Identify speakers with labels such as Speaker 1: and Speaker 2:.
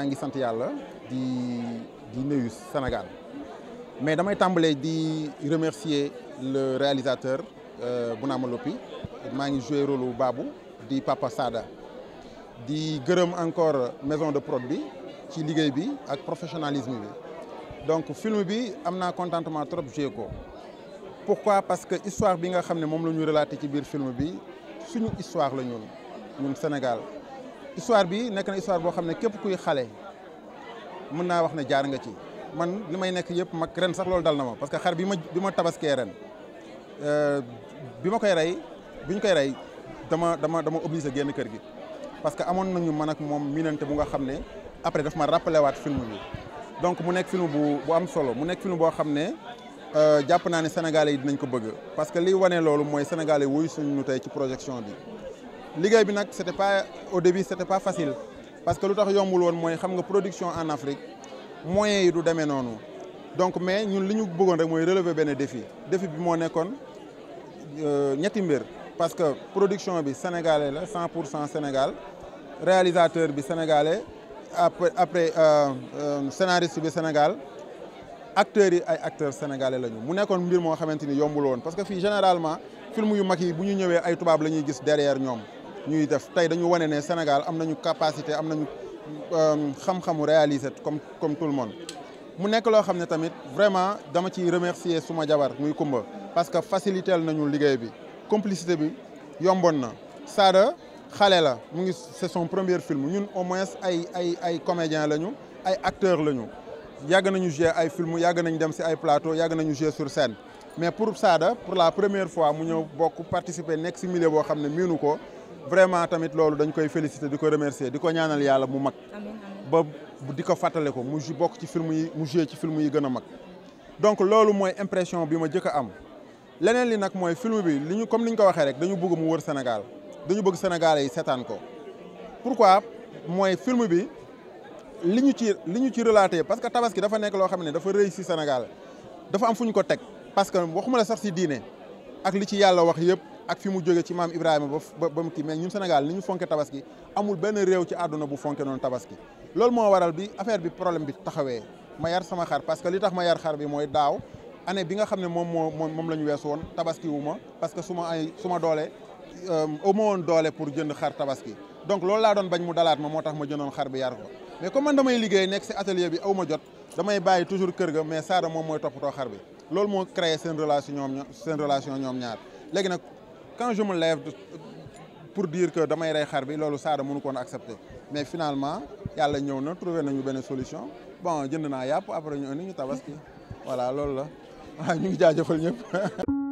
Speaker 1: suis ngi sant di di Sénégal mais damay tàmbalee di remercier le réalisateur euh, Bouna Lopi maa ngi joué rôle Babou di Papa Sada di gërëm encore maison de prod qui ci liggéey bi ak professionnalisme bi donc film bi am naa contentement trop joué pourquoi parce que l'histoire bi nga xam ne moom la ci biir film bi suñu histoire la ñun ñun Sénégal histoire bi nekk na histoire boo xam ne képp kuy xale mën naa wax ne jaar nga ci man li may nekk yëpp mag ren sax loolu dal na ma parce que xar bi ma bi ma tabaskee ren euh, bi ma koy rey bi ñu koy rey dama dama dama obligé génn kër gi parce que amoon nañu man ak moom miinante bu nga xam ne après daf ma rappelé waat film bi donc mu nekk film bu bu am solo mu nekk film boo xam ne euh, jàpp naa ne sénégalais yi dinañ ko bëgg parce que liy wane loolu mooy sénégalais wuyu suñu tey ci projection bi liggéey bi c'était pas au début c'était pas facile parce que l'autre jour, on woon mooy xam nga production en Afrique moyens yi du demee nous. donc mais ñun nous ñu rek mooy relever benn défi défi bi moo nekkoon euh, ñetti mbir parce que production bi sénégalais la 100 pour Sénégal réalisateur bi sénégalais après après euh, euh, scénariste bi Sénégal acteurs yi ay acteurs sénégalais lañu mu nekkoon mbir moo xamante parce que généralement film yu mag yi bu ñu ñëwee ay derrière nous ñuy def tay dañu wone né Sénégal am nañu capacité am nañu euh, xam-xamu réaliser comme comme tout le monde mu nek lo xamné tamit vraiment dama ciy remercier suma jabar muy Kumba parce que facilitel nañu liguey bi complicité bi yomboon na Sada xalé la mu ngi c'est son premier film ñun au moins ay ay ay comédien lañu ay acteur lañu yag nañu jouer ay film yag nañu dem ci ay plateau yag nañu jouer sur scène mais pour Sada pour la première fois mu ñeu bokk participer nek ci milieu bo xamné ne ko vraiment tamit lolu dañ koy féliciter diko remercier diko ñaanal yalla mu mag ba diko fatalé ko mu bok ci film yi mu jouer ci film yi gëna mag donc lolu moy impression bima ma am leneen li nak moy film bi liñu comme niñ ko waxé rek dañu bëgg mu wër Sénégal dañu bëgg Sénégalais yi sétane ko pourquoi moy film bi liñu ci liñu ci relaté parce que tabaski dafa nek lo xamné dafa rëy Sénégal dafa am fu ko tek parce que waxuma la sax ci diiné ak li ci yalla wax yépp ak fi mu jóge ci maam Ibrahima ba ba mu kii mais ñun Sénégal ni ñu fonke tabaski amul benn réew ci àdduna bu fonke noonu tabaski loolu moo waral bi affaire bi problème bi taxawee ma yar sama xar parce que li tax ma yar xar bi mooy daaw année bi nga xam ne moom moo moom la ñu weesu woon tabaski wu parce que su ma ay su ma doole euh, amu woon doole pour jënd xar tabaski donc loolu laa doon bañ mu dalaat ma moo tax ma jëndoon xar bi yar ko mais comme man damay liggéey nekk si atelier bi aw ma jot damay bàyyi toujours ga mais Sada moom mooy toppatoo xar bi loolu moo créé seen relation ñoom seen relation ñoom ñaar léegi nag quand je me lève pour dire que damay rey faire ne peut accepter mais finalement yàlla trouvé une solution bon jënd après ñu voilà c'est ça.